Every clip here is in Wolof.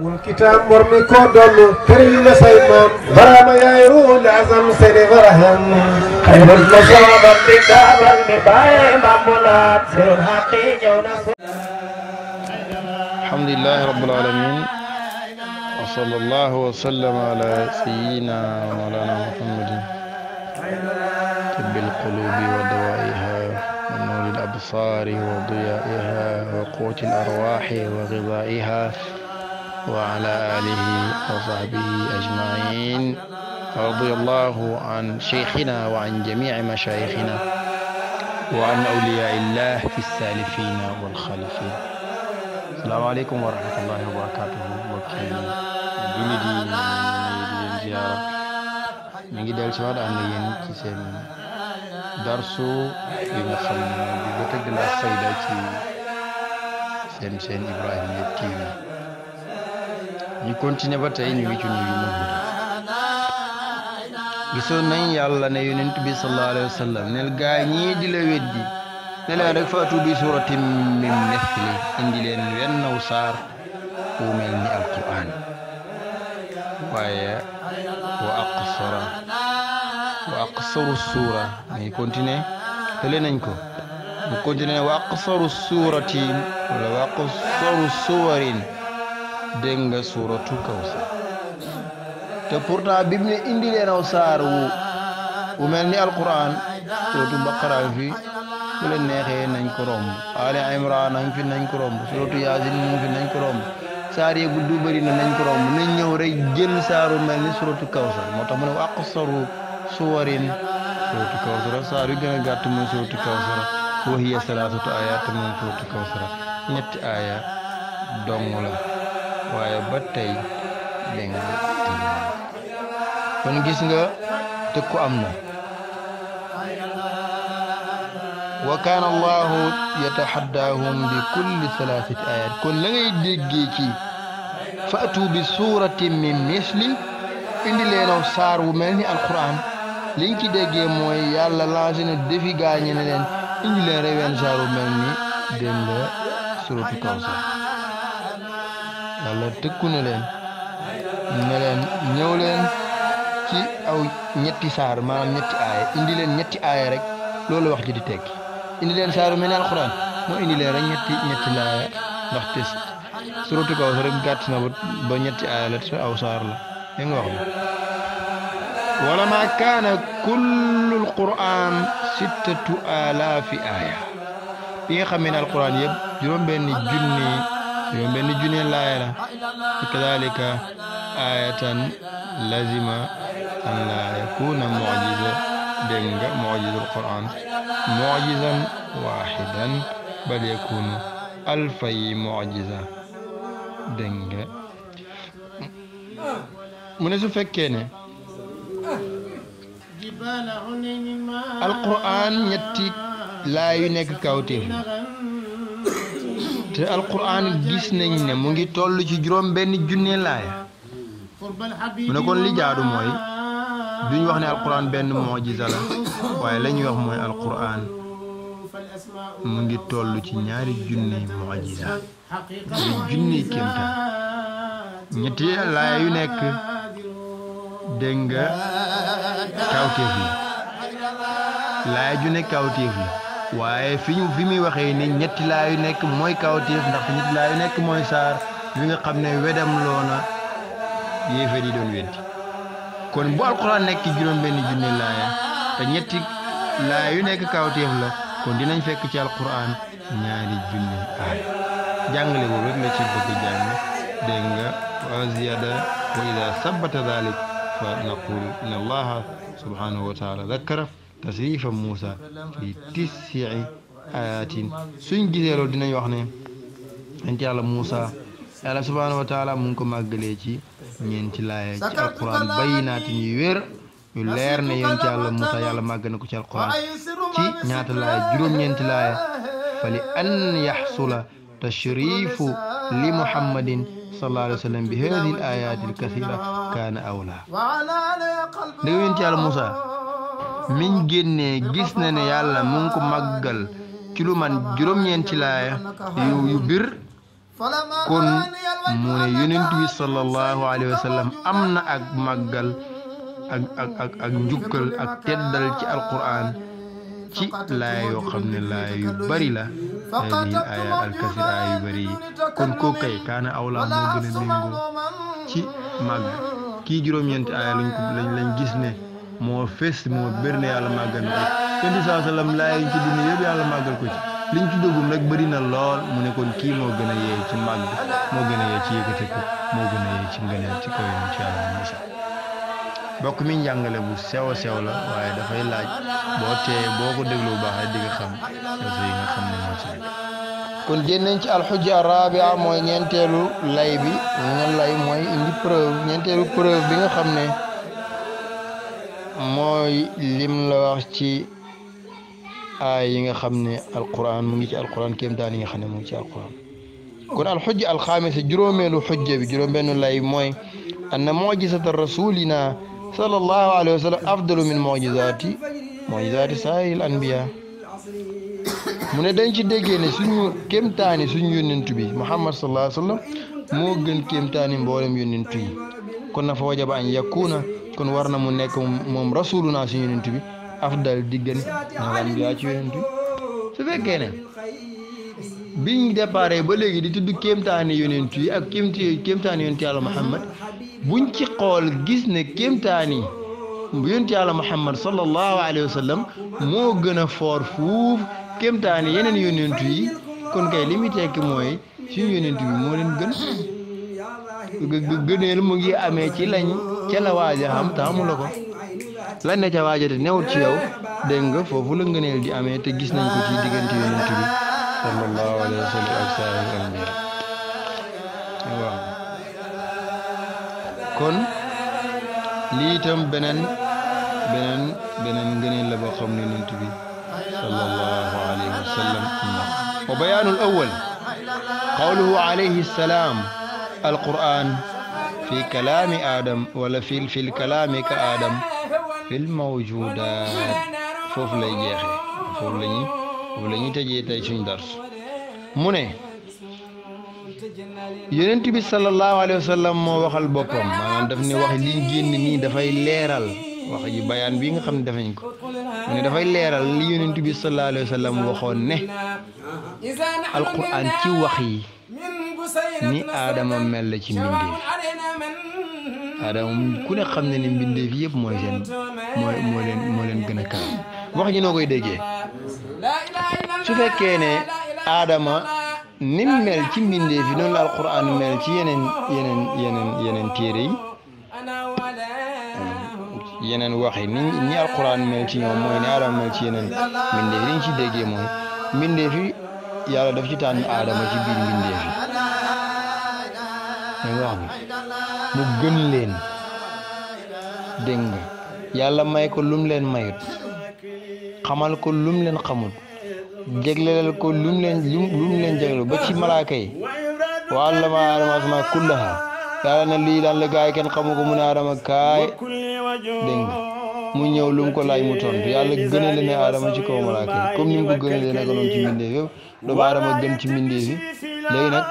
والكتاب مرمي كودم كريم سيمان برام يايرو لعزم عزم سري برهم خير المصاب الكتاب المباي مامولا سر حقي الحمد لله رب العالمين وصلى الله وسلم على سيدنا ومولانا محمد طب القلوب ودوائها ونور الأبصار وضيائها وقوت الأرواح وغذائها وعلى آله وصحبه أجمعين رضي الله عن شيخنا وعن جميع مشايخنا وعن أولياء الله في السالفين والخالفين السلام عليكم ورحمة الله وبركاته وبركاته جلدي زيارة ñu ngi del si waat ànd yéen ci seen darsu bi nga xam ne bi ba tëgg la fayda ci seen seen Ibrahima TV ñu continuer ba tey ñu ngi ci nuyu moom gisoon nañ yàlla ne yonent bi sallallahu alayhi wa nel gaa ñii di la weddi ne leen rek faatu bi min mithli indi leen wennaw saar wu mel ni alquran waaye wa aqsara wa aqsaru suura muy continuer tële nañ ko mu continuer wa aqsaru suuratin wala wa aqsaru suwarin dégg nga suuratul kawsar te pourtant bi mu ne indi leen aw saar wu wu mel ni alquran suratu baqara fi su leen neexee nañ ko romb ali imran nañ ko romb suratu yaasin mu nañ ko romb saar yi gudd bëri na nañ ko romb nañ ñëw rek jël saaru mel ni suratu kawsar moo tax mu ne aqsaru suwarin suratu kawsara saar yu gën a gàtt mooy suratu kawsara wa hiya salaasatu ayaat mooy suratu kawsara ñetti aaya dong la waaye ba tey dégg nga kon gis nga dëkku am na wa kaana allahu yatahaddahum bi kulli salaasati ayat kon la ngay déggee ci faatu bi suurati min misli indi leenaw saar wu mel ni alquran liñ ci déggee mooy yàlla lancé na défi gaañe ne leen indi leen reween saar wu mel ni démb suratu kawsar yalla tëkku na leen ne leen ñëw leen ci aw ñetti saar maanaam ñetti aaya indi leen ñetti aaya rek loolu wax ji di tekki indi leen saaru mel ne alxuraan moo indi leen rek ñetti ñetti laaya ndaxte suratu kaw rek gàtt na ba ñetti aaya la te aw saar la dégg nga wax bi wala ma kaana kullu alquran sittatu alaafi aaya bi nga xam ne alxuraan yëpp juróom-benni junni juróom benn junne laaya la fa kadalika ayatan lazima an laa yakuna mujiza dégg nga mujizul quran mu ne su fekkee ne alquran ñetti laay yu nekk kawtéef te alquran gis nañ ne mu ngi toll ci juróom benn junne laaya mu ne kon li jaadu mooy duñ wax ne alquran benn mojiza la waaye la ñuy wax mooy alquran mu ngi toll ci ñaari junne mojiza ñetti laaya yu nekk dégg nga kawteef la laaya ju nekk kawteef la waaye fi ñu fi muy waxee ni ñetti laa yu nekk mooy kawtéef ndax ñetti laa yu nekk mooy saar wi nga xam ne wedam loona yéefar yi doon weddi kon bu alxuraan nekk juróom-benn junni laaya te ñetti laa yu nekk kawtéef la kon dinañ fekk ci alxuraan ñaari junni aaya jàngale boobu rek la ci bëgg jàng dégg nga wa ziyada wa sabata dalik fa naqulu in allaha subhanahu wa taala تصريف موسى في تسع آيات سنجد يا ردنا يوحنين أنت على موسى على سبحانه وتعالى منكم مقليتي ننت الله القرآن بينات يوير يلير نينت على موسى على مقلنا كتير القرآن تي نات الله جرم ننت الله فلأن يحصل تشريف لمحمد صلى الله عليه وسلم بهذه الآيات الكثيرة كان أولى نينت على موسى miñ génnee gis na ne yàlla mu ko màggal ci lu man juróom-ñeenti laaya yu bir kon mu ne yonent bi sallallahu am na ak màggal ak ak ak ak njukkal ak teddal ci alquran ci laaya yoo xam ne yu bari la ay aya alkasir ay yu bari yi kon kaana awla moo gën a méngoo ci màgg kii juróom-ñeenti aaya lañ ko gis ne moo fees moo berne yàlla màggal na ko yonent bi saa sallam laay yi ci dund yëpp yàlla màggal ko ci liñ ci dogum rek bëri na lool mu ne kon kii moo gën a yee ci màgg moo gën a yee ci moo gën a yee ci ngëneel ci kaw bokk mi njàngale bu sew a sew la waaye dafay laaj boo tee boo ko déglu bu baax rek di xam dafa yi nga ci nekk kon génnañ mooy ñeenteelu lay bi ñu lay mooy indi preuve ñeenteelu preuve bi nga xam ne mooy lim la wax ci yi nga xam ne alquran mu ngi ci alquran kéemtaan yi nga xam ne mu ngi ci alquran kon alxujja alxaamisa juróomeelu xujja bi juróom-benn lay mooy anna mojisata rasulina sallallahu alayhi wa sallam afdalu min mojisaati mojisaati saayil anbiya mu ne dañ ci déggee ne suñu kéemtaani suñu yónnentu bi muhammad sallallahu alayhi wa sallam kon na fa an yakuna kon war na mu nekk moom rasuluna si yonent bi afdal di gën naxal mbiyaa ci yonent bi su fekkee ne biñ déparé ba léegi di tudd kéemtaani yonent yi ak kéemti kéemtaani yonent yàlla Muhammad buñ ci xool gis ne kéemtaani yonent yàlla Muhammad sallallahu alayhi wa sallam moo gën a foor fuuf kéemtaani yeneen yonent yi kon kay li muy tekki mooy suñu yonent bi moo leen gën gëneel mu ngi amee ci lañ ca la waaja xam te xamula ko lan ne ca waaja te newut ci yow dégg nga foofu la ngëneel amee te gis nañ ko ci diggante yonent bi sallallahu alayhi wa sallam ak kon lii itam beneen beneen beneen ngëneel la boo xam ne yonent bi wa sallam wa bayaanul awwal qawluhu alayhi salaam alqur'an في كلام آدم ولا في في الكلام كآدم في الموجودة فوفلي جيخي فوفلي فوفلي تجي تجي درس مني يونت بي صلى الله عليه وسلم مو وخال بوكم ما دافني واخ لي نجين ني دا فاي ليرال واخ جي بيان بيغا خا مني دافاني كو مني دا فاي ليرال لي يونت بي صلى الله عليه وسلم وخون ني القران تي وخي ni aadama mel ci mbindeef ku ne xam ne ni mbindeef yëpp mooy seen moo leen moo leen wax ji noo koy déggee su fekkee ne aadama ni mel ci mbindeef yi noonu la ci yeneen yeneen yeneen yeneen wax yi ni ni alquran mel ci ñoom mooy ni aadama mel ci yeneen mbindeef yi ci déggee moom mbindeef yaa yàlla daf ci tànn aadama ci biir mbindeef ñu mu gën leen dégg nga yàlla may ko lum leen mayut xamal ko lum leen xamut jégleleel ko lum leen lum leen jéglelu ba ci malaaka yi ma allama aadama asmaa kullaha yàlla na lii daan la gaay kenn xamu ko mu ne aadama kaay dégg nga mu ñëw lu ko laaj mu tontu yàlla gënale ne aadama ci kaw malaaka yi comme ni mu ko gënalee naka noonu ci mbindeef yëpp doomu ci mbindeef yi léegi nag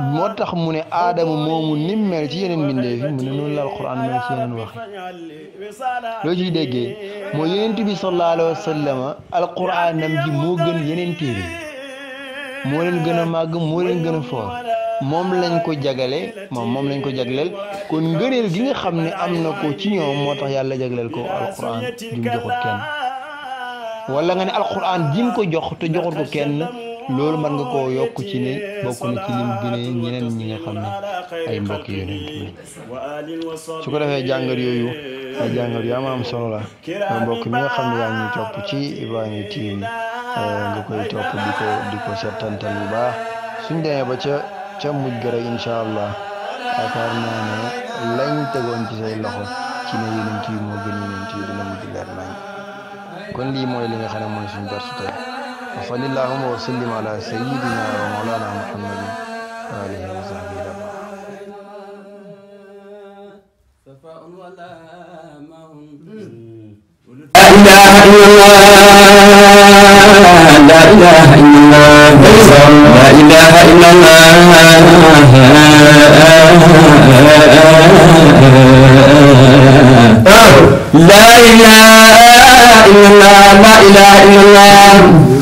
moo tax mu ne aadama moomu nim mel ci yeneen mbindeef yi mu ne noonu la alquran mel ci yeneen wax loo ciy déggee moo yonent bi sallallahu alayhi wa sallama alquranam ji moo gën yeneen téere moo leen gën a màgg moo leen gën a foor moom lañ ko jagale moom moom lañ ko jagleel kon ngëneel gi nga xam ne am na ko ci ñoom moo tax yàlla jagleel ko alquran jum joxut kenn wala nga ne alquran jim ko jox te joxut ko kenn loolu mën nga koo yokk ci ne bokk na ci lim gën a ñeneen ñi nga xam ne ay mbokk yonent su ko defee jàngar yooyu ay jàngat yu am am solo la mbokk mi nga xam ne yaa ngi topp ci Ibrahima TV eh, nga koy topp di ko di ko settantal bu baax suñ demee ba ca ca mujj gara allah yaakaar naa ne tegoon loxo ci yi moo gën yi dina mujj kon lii mooy li nga xam ne mooy suñu bari وصل اللهم وسلم على سيدنا ومولانا محمد آله وصحبه أجمعين لا إله إلا الله لا إله إلا الله لا إله إلا الله لا إله إلا الله لا إله إلا الله